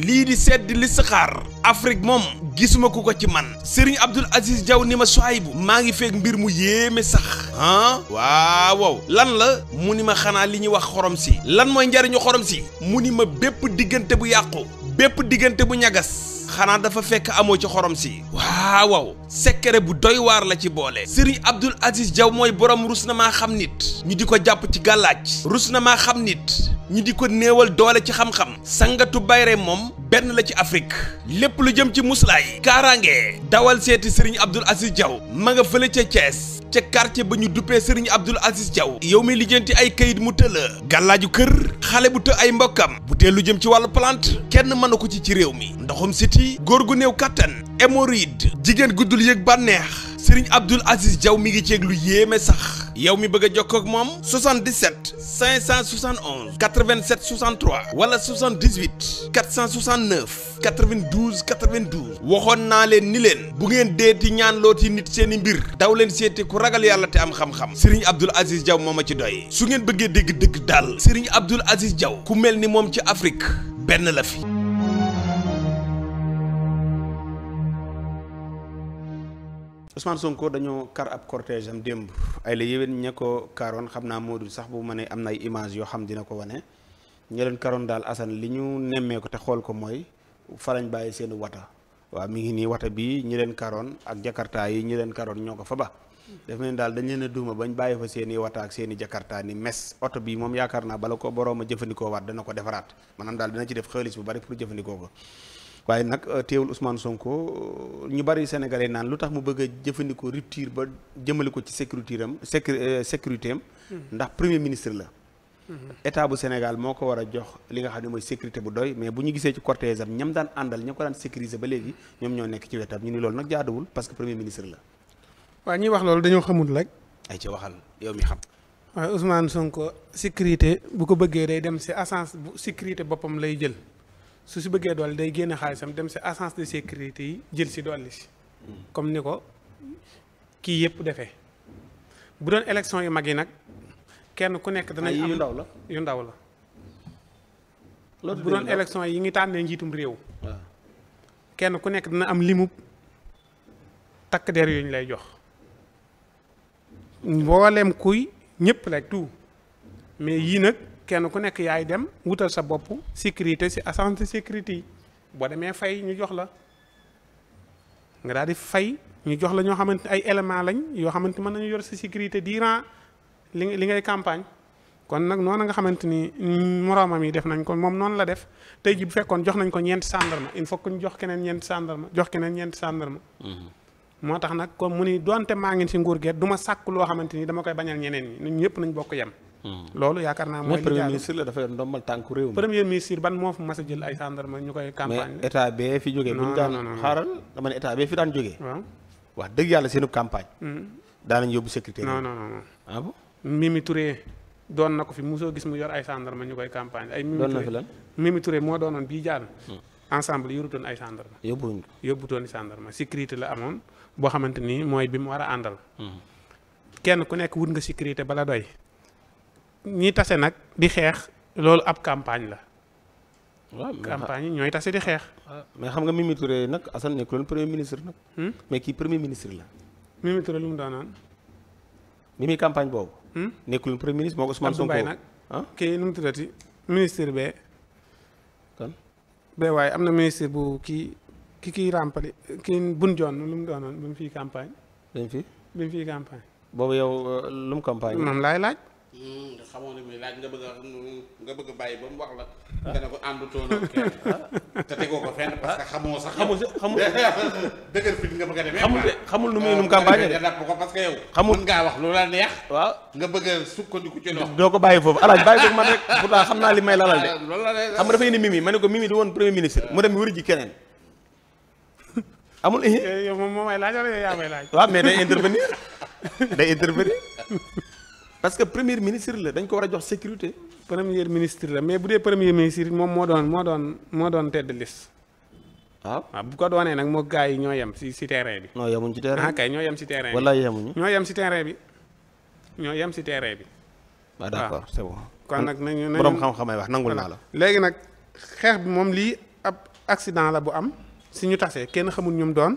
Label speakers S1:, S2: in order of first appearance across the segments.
S1: lii di sedd li saxaar Afrique moom gisuma ku ko ci man Serigne Abdoul Aziz Diaw ni ma bu maa ngi feeg mbir mu yéeme sax ah waaw lan la mu ni ma xanaa li ñuy wax xorom si lan mooy njariñu xorom si mu ni ma bépp diggante bu yàqu bépp diggante bu ñagas xanaa dafa fekk amoo ci xorom si waaw secret bu doy waar la ci boole Serigne Abdoul Aziz Diaw mooy borom rus na maa xam nit ñu di ko jàpp ci gàllaaj rus na maa xam nit ñu di ko néewal doole ci xam-xam sangatu bayre moom benn la ci Afrique lépp lu jëm ci muslaay kaaraange dawal seeti Serigne Abdoul Aziz Diaw ma nga fële ca Thiès ca quartier ba ñu duppee Serigne Abdoul Aziz Diaw yow mi lijjanti ay kayit mu tëla gàllaaju kër xale bu të ay mbokkam bu lu jëm ci wàllu plante kenn mënu ko ci ci réew mi ndoxum góor gu néew kattan hémorroïde jigéen guddul yëg bànneex Serigne Abdoul Aziz Diaw mi ngi ceeg lu yéeme sax yow mi bëgg a jokkoo ak moom 77 571 87 63 wala 78 469 92 92 waxoon naa leen ni leen bu ngeen deeti ñaan yi nit seeni mbir daw leen seeti ku ragal yàlla te am xam-xam Serigne Abdoul Aziz jaw moom ma ci doy su ngeen bëggee dégg dëgg daal Serigne Abdoul Aziz Diaw ku mel ni moom ci Afrique benn la fi. Ousmane Sonko dañoo kar ab cortège am démb ay la yéwén ña ko karoon xam naa moo Modou sax bu ma ne am na ay image yoo xam dina ko wane ña leen karoon daal Assane li ñu nemmee ko te xool ko mooy fa lañ bàyyi seen wata waa mu ngi nii wata bii ñu leen karoon ak jakarta yi ñu leen karoon ñoo ko fa ba def leen daal dañ leen a duuma bañ bàyyi fa seen i wata ak seen i jakarta ni mes oto bi moom yaakaar naa bala ko boroom a jëfandikoo waat dana ko defaraat maanaam daal dina ci def xaalis bu bari pour jëfandikoo waaye nag euh, teewul Ousmane Sonko euh, ñu bari Sénégalais naan lu tax mu bëgg jëfandikoo rupture ba jëmale ko ci sécurité am euh, sécurité am mm-hmm. ndax premier ministre la mm-hmm. état bu Sénégal moo ko war a jox li nga xam ne mooy sécurité bu doy mais bu ñu gisee ci cortège am ñam daan àndal ña ko daan ba léegi ñoom ñoo nekk ci wetam ñu ni loolu nag jaaduwul parce que premier ministre la
S2: waaw ñuy wax loolu dañoo xamul rek ay ci waxal yow mi xam waaye Ousmane Sonko sécurité bu ko bëggee day dem si assance bu sécurité boppam lay jël su si bëggee dolli day génne xaalisam dem si agence de sécurité yi jël si dolli si comme ni ko kii yëpp defe bu doon élection yu mag yi nag kenn ku nekk danañ am yu la yu ndaw la loolu bu doon élection yi ngi tànnee njiitum réew ah. kenn ku nekk dana am limub takk der yu ñu lay jox mboolem kuy ñëpp rek tout mais yii nag kenn ku nekk yaay dem wutal sa bopp sécurité si agence de sécurité yi boo demee fay ñu jox la nga daal di fay ñu jox la ñoo xamante ay élément lañ yoo xamante mën nañu yor si sécurité durant li li ngay campagne kon nag noonu nga xamante ni moroomam yi def nañ ko moom noonu la def tey ji bu fekkoon jox nañ ko ñeenti sàndarma il faut que ñu jox keneen ñeenti sàndarma jox keneen ñeenti sàndarma mhm. moo tax nag kon mu ni donte maa ngi si nguur geet du ma sàkk loo xamante ni dama koy bañal ñeneen ñi ñun ñëpp nañ bokk yem
S1: Hmm. loolu yaakaar naa mooy premier ministre la dafa yor ndombal tànku réew mi premier
S2: ministre ban moo fi mas a jël ay gendarme ñu koy campagne mais état bee fi jógee bu ñu daan xaaral
S1: dama ne état bee fi daan jógee waaw wax dëgg yàlla seenub campagne hmm. daanañ yóbbu secrétaire non non non
S2: ah bon Mimi Touré na ko fi mosoo gis mu yor ay gendarme ñu koy campagne ay Mimi Touré lan Mimi Touré moo doonoon bii jàll hmm. ensemble yorutoon ay gendarme yóbbuwuñ yóbbutoon i gendarme sécurité la amoon boo xamante ni mooy bi mu war a àndal kenn ku nekk wut nga sécurité bala doy ñi tase nag di xeex loolu ab campagne la.
S1: waaw campagne ñooy tase xeex. mais xam nga Mimi Touré nag Assane nekkuloon premier ministre nag. Hmm? mais kii premier ministre la.
S2: Mimi Touré lu mu daan
S1: Mimi campagne boobu. Hmm? nekkuloon premier ministre moo ko Ousmane Sonko ah? kii nu mu tuddati ministre be kon
S2: bee waaye am na ministre bu kii ki kii rampali kii bun joon lu mu doonoon bi mu fii campagne. bi mu fii bi mu campagne.
S1: boobu yow lu mu campagne.
S2: moom laay laaj.
S3: Hmm, nga xamoon muy laaj nga bëgg a a bàyyi ba mu wax la. nga ne ko àndutoon ak kenn te tegoo ko fenn parce xamul nga bëgg a da ah, dàpp ko parce que yow. xamul mën la neex. waaw nga a sukkandiku ci ndox. doo ko bàyyi foofu alaaj bàyyi ko man rek pourtant xam naa li may lalal de.
S1: Ah, xam nga dafay ni Mimi ma ne ko Mimi di woon premier ministre mu dem wër ji keneen. amul. Eh? Eh, yow moom moo may laaj wala mais day intervenir day intervenir
S2: parce que premier ministre la dañ ko war a jox sécurité premier ministre la mais bu dee premier ministre moom moo doon moo doon moo doon tedd liste waaw waaw ah, bu ko doonee nag moo gars yi ñoo yem si si terrain bi
S1: non yemuñ ci terrain ah, kay ñoo yem si terrain bi
S2: ñoo yem si terrain ñoo yem si terrain bi
S1: waaw kon nag nañu nañu borom xam-xamay wax nangul naa la
S2: léegi nag xeex bi moom lii ab accident la bu am si ñu tasee kenn xamul ñoom doon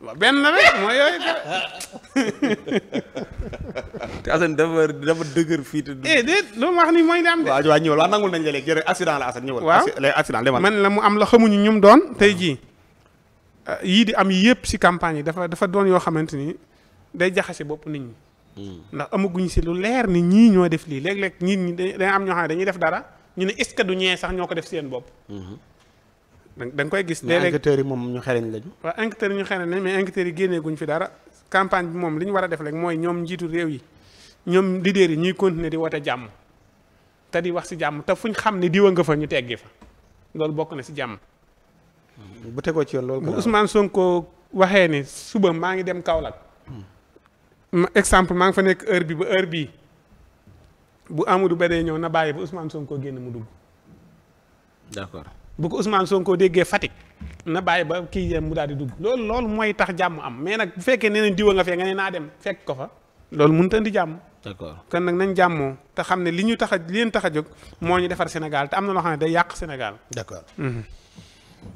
S2: waaw benn rek mooy yooyu.
S1: te Assane dafa dafa dëgër fii te. eh
S2: déet loolu wax ni mooy di am de. waaw
S1: waaw ñëwal nangul nañ la léegi jërëjëf accident la Assane ñëwal. waaw accident demal man la mu
S2: am la xamuñu ñum doon tey jii. Eh, yii di am yëpp si campagne yi dafa dafa doon yoo xamante ni day jaxase bopp nit ñi. Hmm. ndax amaguñ si lu leer ni ñii ñoo def lii léeg-léeg nit ñi dañ am ñoo xam ne dañuy def dara ñu ne est-ce que du ñee sax ñoo ko def seen bopp. Hmm. da nga koy gis. léeg-léeg
S1: yi moom ñu xereñ lañu.
S2: waaw enquêteurs yi ñu xereñ lañ mais enquêteurs yi génneeguñ fi dara campagne bi moom li war a def rek mooy ñoom njiitu réew yi ñoom leader yi ñuy continuer di wote jàmm te di wax si jàmm te fuñ xam ne diwa nga fa ñu teggi fa loolu bokk na si jàmm.
S1: bu tegoo ci yoon loolu. bu Ousmane
S2: Sonko waxee ne suba maa ngi dem ma exemple maa ngi fa nekk heure bi ba heure bii bu Amadou Ba dee ñëw na bàyyi ba Ousmane Sonko génn mu dugg. d'accord. bu ko Ousmane koo déggee Fatick na bàyyi ba kii mu daal di dugg loolu loolu mooy tax jàmm am mais nag bu fekkee nee na diwa nga fee nga ne naa dem fekk ko fa loolu mënut a indi jàmm. d'accord kon nag nañ jàmmoo te xam ne li ñu tax a leen tax a jóg moo ñu defar Sénégal te am na loo xam ne day yàq Sénégal. d'accord. Mhm.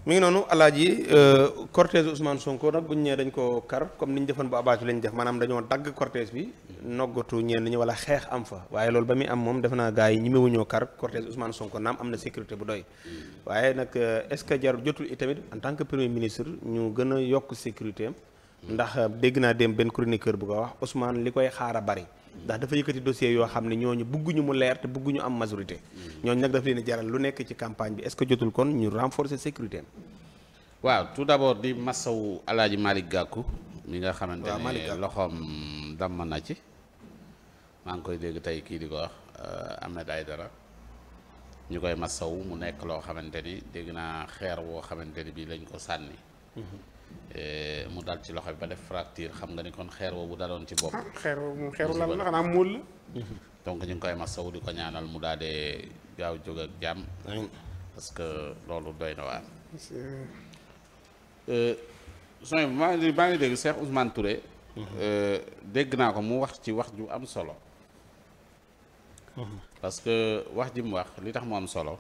S1: mi ngi noonu alaaji euh, cortège Ousmane Sonko nag bu ñu ñëwee dañ ko kar comme ni ñu defoon bu abaatu lañu def maanaam dañoo dagg cortège bi noggatu ñeen ñu wala xeex am fa waaye loolu ba muy am moom defe naa gars yi ñemewuñoo kar cortège Ousmane Sonko naam am na sécurité bu doy waaye nag euh, est-ce que jar jotul itamit en tant que premier ministre ñu gën a yokk sécurité am ndax euh, dégg naa dem benn chroniqueur bu ko wax Ousmane li koy xaar a bari ndax dafa yëkkati dossier yoo xam ne ñooñu bëgguñu mu leer te bëgguñu am majorité ñooñu nag daf leen jaral lu nekk ci campagne bi est-ce que jotul kon ñu renforcer sécurité
S3: waaw tout d'abord di masawu alaaji Malick Gakou mi nga xamante ne loxoom damm na ci maa ngi koy dégg tey kii di ko wax euh, Ahmed dara ñu koy masawu mu nekk loo xamante ni dégg naa xeer woo xamante ni bii lañ ko sànni mhm. Eh, mu dal ci loxo bi ba def fracture xam nga ni kon xeer boobu daloon ci bopp.
S2: xeer boobu xeeru lan la xanaa muul la.
S3: donc ñu ngi koy masawu di ko ñaanal mu daal de gaaw jóg ak jàmm. parce que loolu doy na waar. Eh, sooy maa ngi maa ngi dégg Cheikh Ousmane Touré. Mhm. Eh, dégg naa ko mu wax ci wax ju am solo. Mhm. parce que wax ji mu wax li tax mu am solo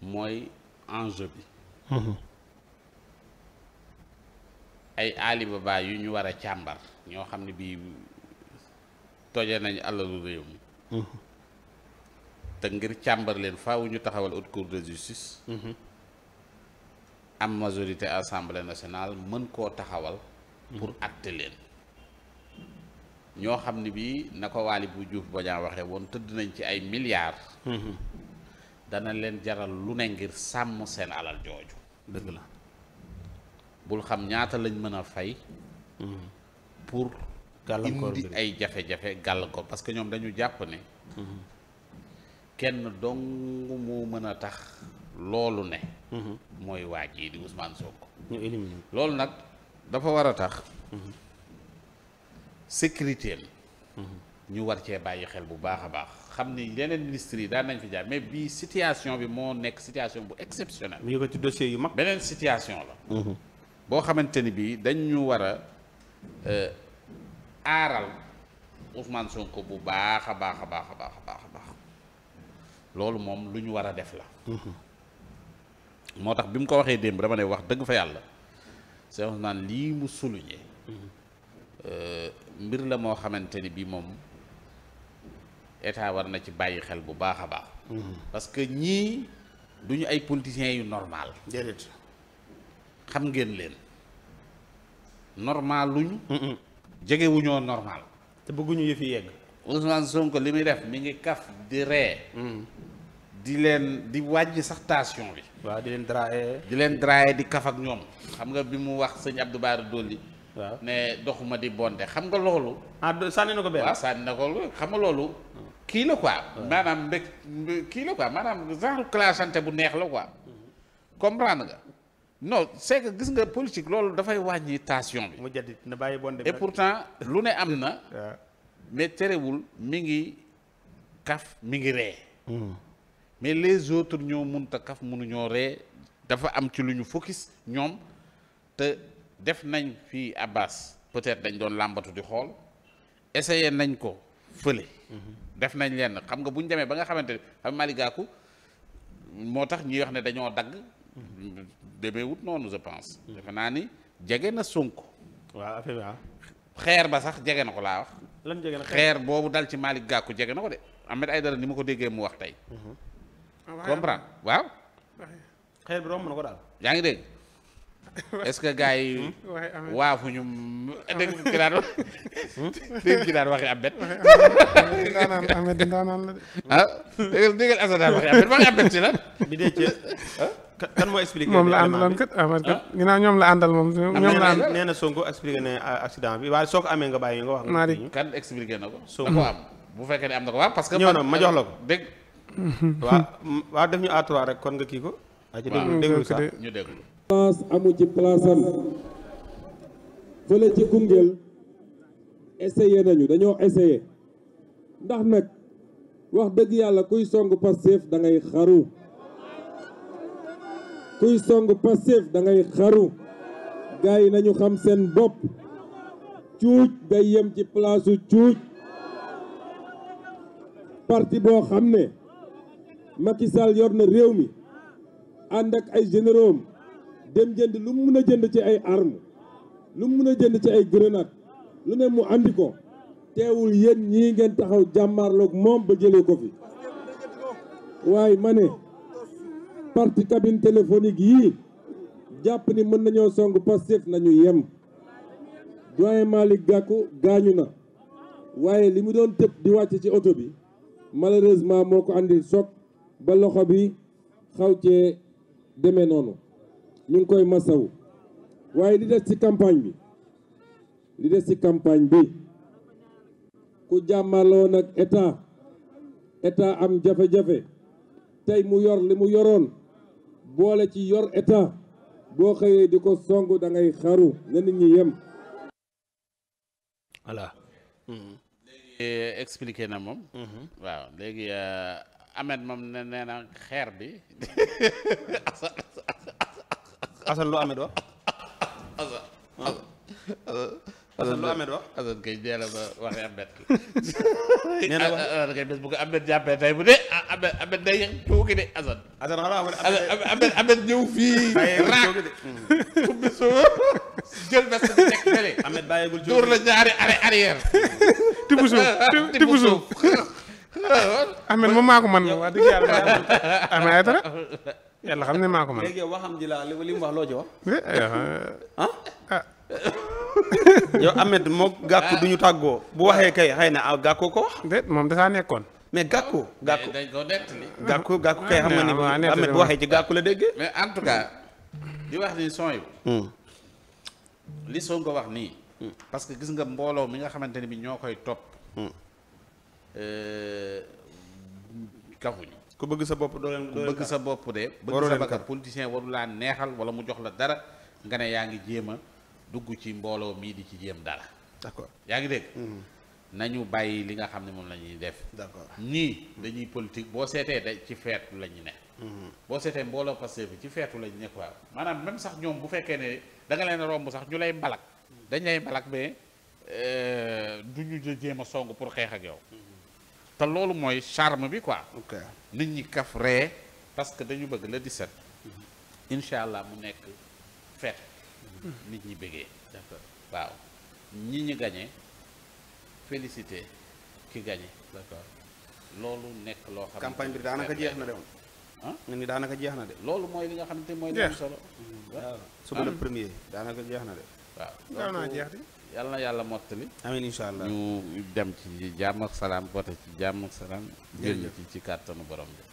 S3: mooy enjeu bi. Mhm. ay alibaba yu ñu war a càmbar ñoo xam ne bii toje nañu alalu réew mi te ngir càmbar leen faaw ñu taxawal haute cour de justice am majorité assemblée nationale mën koo taxawal pour atte leen ñoo xam ne bii na ko waali bu Juuf Bodian waxee woon tëdd nañ ci ay milliards dana leen jaral lu ne ngir sàmm seen alal jooju dëgg la bul xam ñaata lañ mën a fay. Hmm. pour. gàllankoor indi ay jafe-jafe gàllankoor parce que ñoom dañu jàpp ne. Hmm. kenn dong moo mën a tax loolu ne. Hmm. mooy waa ji di Ousmane Sonko. ñu éliminer loolu nag dafa war a tax. sécurité ñu war cee bàyyi xel bu baax a baax xam ni leneen ministres yi daan nañ fi jaar mais bii situation bi moo nekk situation bu exceptionnelle. mu yëkkati dossier yu mag beneen situation la. boo xamante ni bii dañ ñu war a euh, aaral Ousmane sonk bu baax a baax a baax baax a baax loolu moom lu ñu war a def la. moo tax bi mu ko waxee démb dama ne wax dëgg fa yàlla Cheikh Ousmane lii mu souligné euh, mbir la moo xamante ni bii moom état war na ci bàyyi xel bu baax a baax. Mm-hmm. parce ñii du ñu ay politiciens yu normal. déedéet. xam ngeen leen normal luñu jege normal te bëgguñu yëf yi yegg Ousmane ko li muy def mi ngi kaf di ree mm. di leen di wàññi sax station bi waaw di leen draayee di leen draayee di kaf ak ñoom xam nga bi mu wax sëñ du baar Dolly waaw ne doxuma di bonde xam nga loolu ah sànni na ko benn na ko xam nga loolu kii la quoi maanaam mbég kii la quoi maanaam genre clashante bu neex la quoi mm-hmm. comprendre nga non c'est gis nga politique loolu dafay wàññi tension bi. mu jadit na bàyyi bon et pourtant lu ne am na. mais terewul mi ngi kaf mi ngi rey hmm. mais les autres ñoo mënut a kaf munuñoo ree dafa am ci lu ñu focus ñoom te def nañ fii Abbas peut-être dañ doon làmbatu di xool essayé nañ ko fële. Hmm. def nañ leen xam nga bu ñu demee ba nga xamante ne xam Malick moo tax ñuy wax ne dañoo dagg. Hmm. demeewut noonu je pense. defe naa ni jege na sunk waaw xeer ba sax jege na ko laa wax.
S1: lan jege na xeer
S3: boobu dal ci Malick Gakou jege na ko de Ahmed Aïdara ni ma ko déggee mu wax tey. comprendre waaw. xeer yaa ngi dégg. est-ce que gars yi. waafu ñu
S4: waxi abet. daanaan abet si lan. kan moo
S1: expliqué. moom la àndaloon kat Amar ah, kat ah. ginnaaw ñoom la àndal
S3: moom.
S2: ñoom la àndal
S1: nee na Sonko expliqué na accident bi waaye soo ko amee nga bàyyi nga wax. maa di kan expliqué na ko. Sonko ko am bu fekkee ne am na ko waaw parce que. ñëw na ma jox la ko dégg. waaw waaw def ñu A3 rek kon nga kii ko. waaw ñu déglu sax ñu déglu.
S4: place amu ci place am fële ci Koungheul essayé nañu dañoo essayé ndax nag wax dëgg yàlla kuy song Pastef da ngay xaru. kuy song Pastef da ngay xaru gars yi nañu xam seen bopp cuuj day yem ci palaasu cuuj parti boo xam ne Macky Sall yor na réew mi ànd ak ay généraux dem jënd lu mu mun a jënd ci ay armes lu mu mun a jënd ci ay grenades lu ne mu andi ko teewul yéen ñii ngeen taxaw jàmmaarloog moom ba jëlee ko fi waaye ma ne parti cabine téléphonique yii jàpp ni mën nañoo song Pastef nañu yem doyen Malick Gakou gaañu na waaye li mu doon tëb di wàcc ci oto bi malheureusement moo ko andil choc ba loxo bi xaw cee demee noonu ñu ngi koy masawu waaye li des ci campagne bi li des ci campagne bi ku jàmmaloo nag état état am jafe-jafe tey mu yor li mu yoroon boole ci yor état boo xëyee di ko song da ngay xaru na nit ñi yem.
S3: voilà. Mm-hmm. léegi euh, expliqué na moom. Mm-hmm. waaw léegi euh, Ahmed moom ne nee na xeer bi.
S1: Assane lu Ahmed wax. Assane lu Ahmed wax Assane kay dee la ba waxee Ahmed. nee na Assane
S3: bu day tuuki fii. raak ubbi soo jël Ahmed bàyyeegul
S2: jóg dóor la ñaari arrêt arrière. tibb suuf Ahmed ay dara. yàlla xam ne maa ko
S1: yow Ahmed moo gàkku du ñu tàggoo bu waxee kay xëy na ah gàkku ko wax. déet moom dafa nekkoon. mais gàkku.
S3: gàkku dañ koo nettali.
S1: gàkku gàkku kay xam nga ni bu waxee ci gàkku la déggee. mais en tout cas
S3: di wax ni son yi. Hmm. li soo ko wax nii. Hmm. parce que gis nga mbooloo mi nga xamante ne bi ñoo koy topp. Hmm. Euh, kafuñu.
S1: ku bëgg sa bopp doo leen ku bëgg sa bopp de. warul bëgg sa bakkan
S3: politicien waru laa neexal wala mu jox la dara nga ne yaa ngi jéem a dugg ci mbooloo mii di ci jéem dara. d'accord yaa ngi dégg. Hmm. nañu bàyyi li nga xam ne moom la ñuy def. d'accord ñii dañuy politique boo seetee da ci feetu la ñu ne. Hmm. boo seetee mbooloo Pastef bi ci feetu la ñu ne quoi maanaam même sax ñoom bu fekkee ne da nga leen romb sax ñu lay mbalak dañ lay mbalak mais euh, du ñu jéem a song pour xeex ak yow. Hmm. te loolu mooy charme bi quoi. nit ñi kaf ree parce que dañu bëgg la di set incha allah mu nekk feet nit ñi bëggee waaw ñi ñu gañee félicité ki gañe d'accord loolu nekk loo xam campagne bi daanaka jeex na de
S1: moom ah nit ñi daanaka jeex na de loolu mooy li nga xam xamante mooy li solo mm-hmm. waaw la le ah. premier daanaka jeex na de waaw naa jeex de
S3: yàlla na yàlla mottali amiin incha allah ñu dem ci jàmm ak salaam vote ci jàmm ak salaam génn ci ci kàttanu borom bi